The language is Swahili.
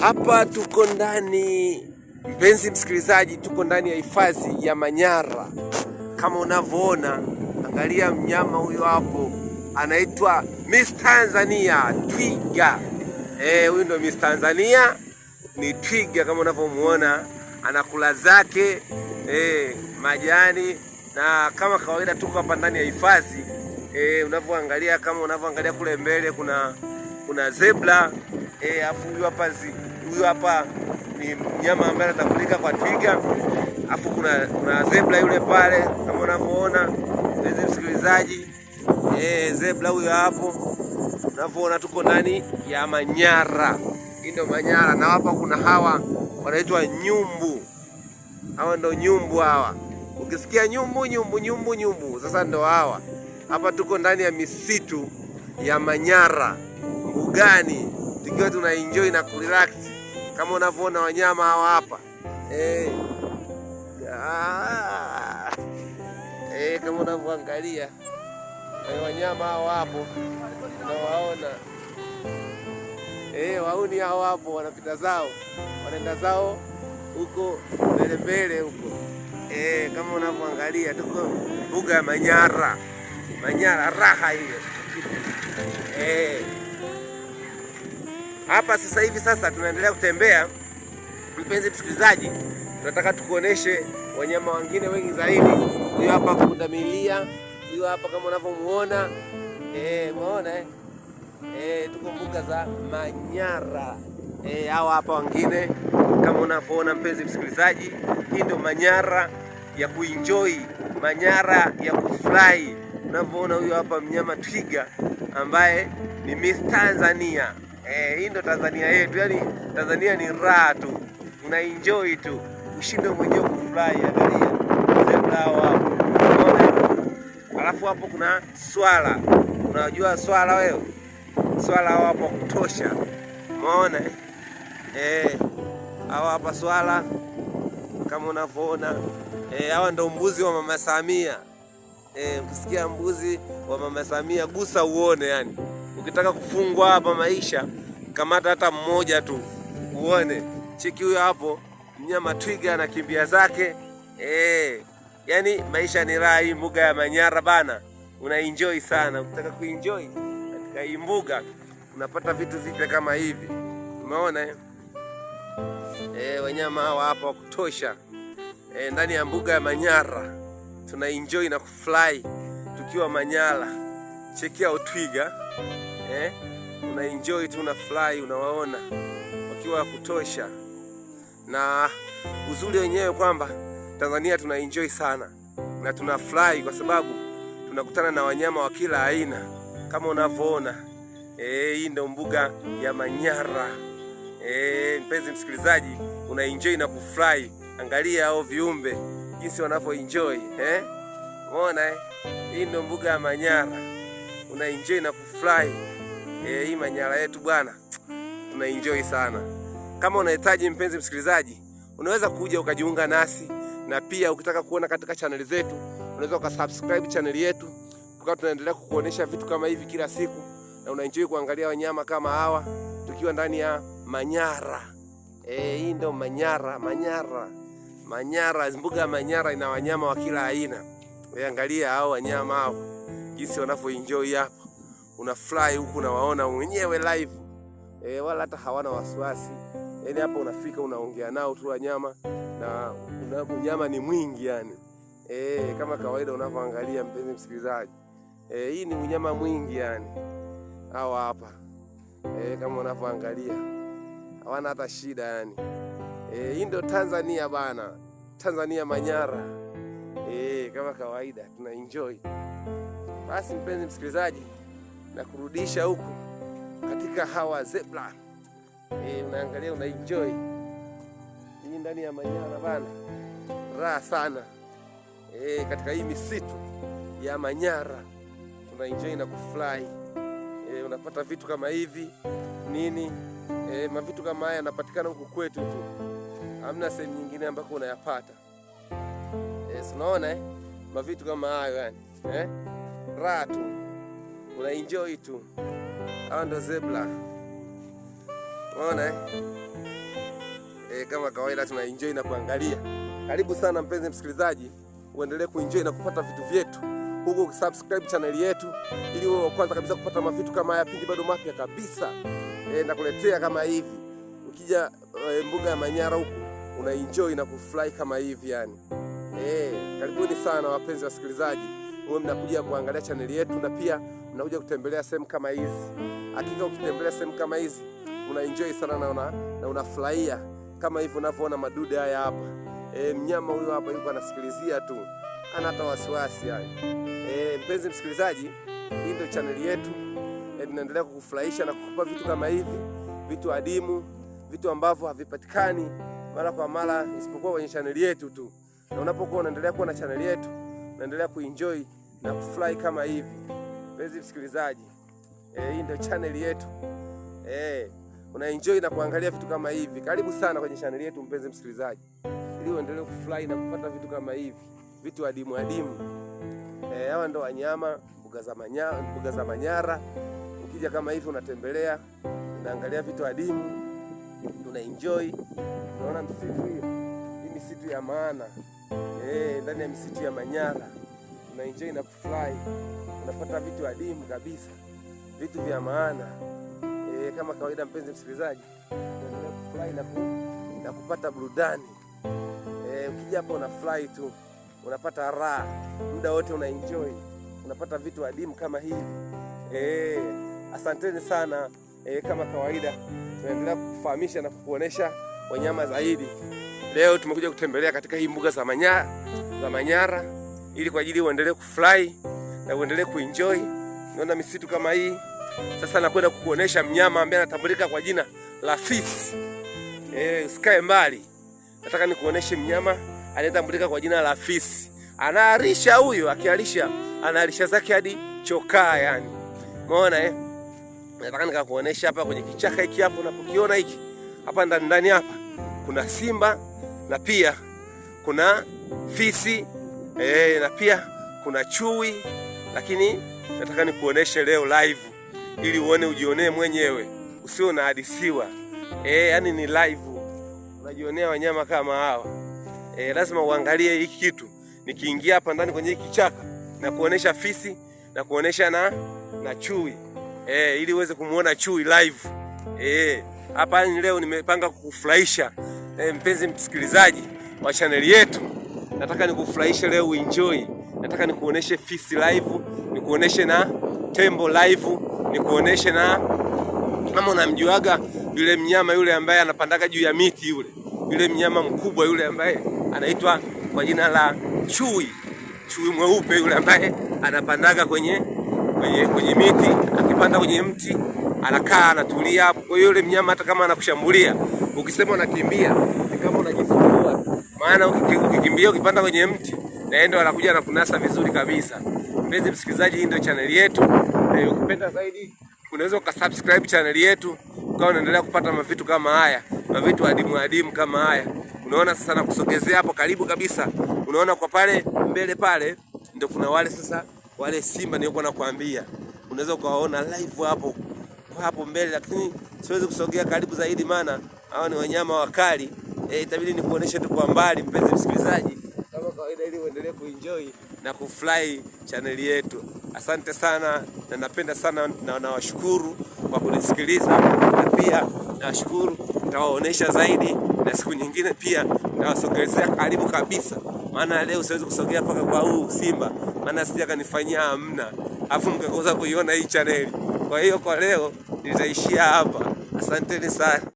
Hapa tuko ndani, mpenzi msikilizaji, tuko ndani ya hifadhi ya Manyara. Kama unavyoona, angalia mnyama huyo hapo, anaitwa Miss Tanzania twiga. Eh, huyu ndio Miss Tanzania, ni twiga kama unavyomuona, anakula zake e, majani na kama kawaida tuko hapa ndani ya hifadhi eh, unavyoangalia kama unavyoangalia kule mbele kuna kuna zebra E, afu huyu hapa huyu hapa ni mnyama ambaye anatambulika kwa twiga, afu kuna kuna zebra yule pale kama unavyoona mpenzi msikilizaji, eh, zebra huyo hapo unavyoona, tuko ndani ya Manyara. Hii ndio Manyara, na hapa kuna hawa wanaitwa nyumbu. Hawa ndio nyumbu hawa, ukisikia nyumbu nyumbu nyumbu nyumbu, sasa ndio hawa hapa. Tuko ndani ya misitu ya Manyara mbugani tukiwa tuna enjoy na kurelax kama unavyoona wanyama hawa hapa eh. Ah. Eh, kama unavyoangalia eh, wanyama hawa hapo nawaona eh, wauni hao hapo wanapita zao wanaenda zao huko mbele mbele huko eh, kama unavyoangalia tuko mbuga ya Manyara, Manyara raha hiyo eh hapa sasa hivi. Sasa tunaendelea kutembea, mpenzi msikilizaji, tunataka tukuoneshe wanyama wengine wengi zaidi. Huyo hapa pundamilia, huyo hapa kama unavyomuona eh, umeona eh? eh? tuko mbuga za Manyara eh, hawa hapa wengine kama unavyoona mpenzi msikilizaji, hii ndio Manyara ya kuenjoy, Manyara ya kufurahi. Unavyoona huyo hapa mnyama twiga ambaye ni Miss Tanzania. Eh, hii ndo Tanzania yetu. Yaani Tanzania ni raha tu, una enjoy tu, ushinde mwenyewe kufurahi. Angalia hapo, alafu hapo kuna swala. Unajua swala wewe, swala wapo hapo kutosha, umeona eh? Hawa hapa swala kama unavyoona eh, hawa ndio ndo mbuzi wa mama Samia. Eh, mbuzi wa mama Samia, gusa uone yani. Ukitaka kufungwa hapa maisha, kamata hata mmoja tu uone. Cheki huyo hapo, mnyama twiga anakimbia zake eh. Yani maisha ni raha. Hii mbuga ya Manyara bana, unaenjoy sana. Ukitaka kuenjoy katika hii mbuga unapata vitu vipya kama hivi, umeona eh? eh? wanyama hawa hapa wa kutosha eh, ndani ya mbuga ya Manyara tuna enjoy na kufly tukiwa Manyara. Chekia utwiga eh? Una enjoy tu, una fly, unawaona wakiwa kutosha, na uzuri wenyewe kwamba Tanzania tuna enjoy sana na tuna fly kwa sababu tunakutana na wanyama wa kila aina kama unavyoona. Eh, hii ndio mbuga ya Manyara. Eh, mpenzi msikilizaji, una enjoy na kufly Angalia hao viumbe jinsi wanavyoenjoy eh? Umeona eh? Hii ndio mbuga ya Manyara, una enjoy na kufly Eh, hii Manyara yetu bwana enjoy sana. Kama unahitaji mpenzi msikilizaji, unaweza kuja ukajiunga nasi, na pia ukitaka kuona katika chaneli zetu unaweza ukasubscribe chaneli yetu, tukawa tunaendelea kukuonesha vitu kama hivi kila siku, na unaenjoy kuangalia wanyama kama hawa tukiwa ndani ya Manyara. Eh, hii ndio Manyara, Manyara, Manyara. Mbuga ya Manyara ina wanyama wa kila aina. Angalia hao wanyama hao jinsi wanavyoenjoy hapo unafurahi huku unawaona mwenyewe live e, wala hata hawana wasiwasi. yani hapa unafika unaongea nao tu wanyama na unyama ni mwingi yani. E, kama kawaida unavyoangalia mpenzi msikilizaji e, hii ni unyama mwingi yani. Hawa hapa e, kama unavyoangalia hawana hata shida yani. E, hii ndio Tanzania bana, Tanzania Manyara e, kama kawaida tuna enjoy. Basi mpenzi msikilizaji na kurudisha huku katika hawa zebra. E, eh, unaangalia enjoy hii ndani ya Manyara bana, raha sana e, katika hii misitu ya Manyara enjoy na kufly e, unapata vitu kama hivi nini e, mavitu kama haya yanapatikana huku kwetu tu, hamna sehemu nyingine ambako unayapata e, unaona eh? mavitu kama hayo yani eh? raha tu una enjoy tu. ando zebra, unaona eh, eh kama kawaida enjoy na kuangalia. Karibu sana mpenzi msikilizaji, uendelee kuenjoy na kupata vitu vyetu huku subscribe chaneli yetu, ili wewe kwanza kabisa kupata mavitu kama haya pindi bado mapya kabisa e, nakuletea kama hivi. Ukija e, mbuga ya Manyara una enjoy na kufurahi kama hivi yani. Eh, karibuni sana wapenzi wasikilizaji wewe mnakuja kuangalia chaneli yetu na pia mnakuja kutembelea sehemu kama hizi. Hakika ukitembelea sehemu kama hizi unaenjoy sana na, una, na unafurahia kama hivi unavyoona madude haya hapa. E, mnyama huyo hapa yuko anasikilizia tu, ana hata wasiwasi yani. E, mpenzi msikilizaji, hii ndio chaneli yetu e, tunaendelea kukufurahisha na kukupa vitu kama hivi, vitu adimu, vitu ambavyo havipatikani mara kwa mara isipokuwa kwenye chaneli yetu tu, na unapokuwa unaendelea kuwa na chaneli yetu unaendelea kuenjoy na kufurahi kama hivi. Mpenzi msikilizaji, e, hii ndio channel yetu e, eh, una enjoy na kuangalia vitu kama hivi. Karibu sana kwenye channel yetu mpenzi msikilizaji, ili uendelee kufurahi na kupata vitu kama hivi, vitu adimu adimu. E, hawa ndio wanyama mbuga za Manyara, mbuga za Manyara. Ukija kama hivi unatembelea unaangalia vitu adimu, tuna enjoy, unaona msitu hii, hii misitu ya maana e, ndani ya misitu ya Manyara una enjoy na kufurahi, unapata vitu adimu kabisa, vitu vya maana. E, kama kawaida, mpenzi msikilizaji, unaendelea kufurahi na, ku, na kupata burudani e, ukija hapa unafurahi tu, unapata raha muda wote, una enjoy unapata vitu adimu kama hivi e, asanteni sana e, kama kawaida, tunaendelea kukufahamisha na kukuonesha wanyama zaidi. Leo tumekuja kutembelea katika hii mbuga za Manyara, za Manyara ili kwa ajili uendelee kufurahi na uendelee kuenjoy. Unaona misitu kama hii. Sasa nakwenda kukuonesha mnyama ambaye anatambulika kwa jina la fisi. Eh, usikae mbali. Nataka nikuoneshe mnyama anayetambulika kwa jina la fisi. Anaarisha huyo, akiarisha anaarisha zake hadi chokaa yani. Umeona eh? Nataka nikakuonesha hapa kwenye kichaka hiki hapo unapokiona hiki. Hapa ndani ndani hapa kuna simba na pia kuna fisi eh, na pia kuna chui, lakini nataka nikuoneshe leo live ili uone ujionee mwenyewe usio nahadisiwa Eh, yani ni live unajionea wanyama kama hawa Eh, lazima uangalie hiki kitu. Nikiingia hapa ndani kwenye hiki kichaka na kuonesha fisi na kuonesha na, na chui Eh, ili uweze kumuona chui live Eh, hapa leo nimepanga kukufurahisha Eh, mpenzi msikilizaji wa chaneli yetu nataka nikufurahishe leo uenjoy, nataka nikuoneshe fisi live, nikuoneshe na tembo live, nikuoneshe na kama unamjuaga yule mnyama yule ambaye anapandaga juu ya miti yule yule mnyama mkubwa yule ambaye anaitwa kwa jina la chui, chui mweupe yule ambaye anapandaga kwenye, kwenye, kwenye miti. Akipanda kwenye mti anakaa anatulia hapo. Kwa hiyo yule mnyama hata kama anakushambulia ukisema unakimbia maana ukikimbia ukipanda kwenye mti na ndio anakuja na kunasa vizuri kabisa. Mpenzi msikilizaji, hii ndio channel yetu. Eh, ukipenda zaidi unaweza ukasubscribe channel yetu ukawa unaendelea kupata mavitu kama haya, mavitu adimu adimu kama haya. Unaona sasa, nakusogezea hapo karibu kabisa, unaona kwa pale mbele pale ndio kuna wale sasa, wale simba nilikuwa nakwambia, unaweza ukawaona live hapo hapo mbele, lakini siwezi kusogea karibu zaidi, maana hawa ni wanyama wakali eh, itabidi kuonesha tu kwa mbali, mpenzi msikilizaji, kama kawaida, ili uendelee kuenjoy na kufly chaneli yetu. Asante sana na napenda sana na nawashukuru kwa kunisikiliza, na pia nawashukuru, nitawaonesha zaidi na siku nyingine pia nitawasogelezea karibu kabisa, maana leo siwezi kusogea mpaka kwa huu simba, maana sija kanifanyia hamna, afu mkakosa kuiona hii chaneli. Kwa hiyo kwa leo nitaishia hapa. Asanteni sana.